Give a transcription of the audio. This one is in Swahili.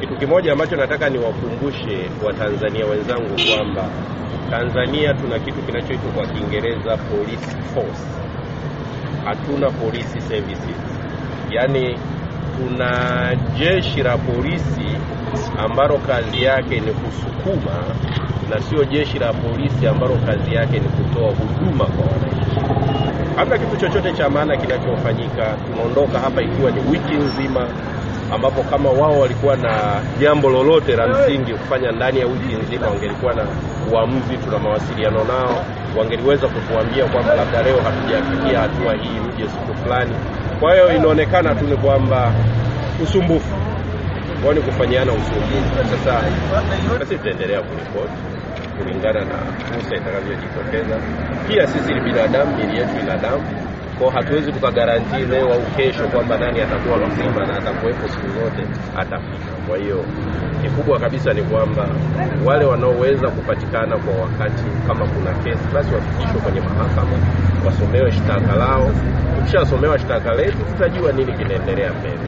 Kitu kimoja ambacho nataka niwakumbushe Watanzania wenzangu kwamba Tanzania tuna kitu kinachoitwa kwa Kiingereza police force, hatuna police services, yaani tuna jeshi la polisi ambalo kazi yake ni kusukuma na sio jeshi la polisi ambalo kazi yake ni kutoa huduma kwa wananchi. Hamna kitu chochote cha maana kinachofanyika. Tunaondoka hapa ikiwa ni wiki nzima ambapo kama wao walikuwa na jambo lolote la msingi kufanya ndani ya wiki nzima, wangelikuwa na uamuzi, tuna mawasiliano nao, wangeliweza kutuambia kwamba labda leo hatujafikia hatua hii, mje siku fulani. Kwa hiyo inaonekana tu ni kwamba usumbufu kwao ni kufanyiana usumbufu. Sasa basi tutaendelea kuripoti kulingana na fursa itakavyojitokeza. Pia sisi ni binadamu, mili yetu ina damu kwa hatuwezi tukagarantii leo au kesho kwamba nani atakuwa mzima na atakuwepo siku zote atafika. Kwa hiyo kikubwa kabisa ni kwamba wale wanaoweza kupatikana kwa wakati, kama kuna kesi basi wafikishwe kwenye mahakama, wasomewe shtaka lao. Tukishasomewa shtaka letu, tutajua nini kinaendelea mbele.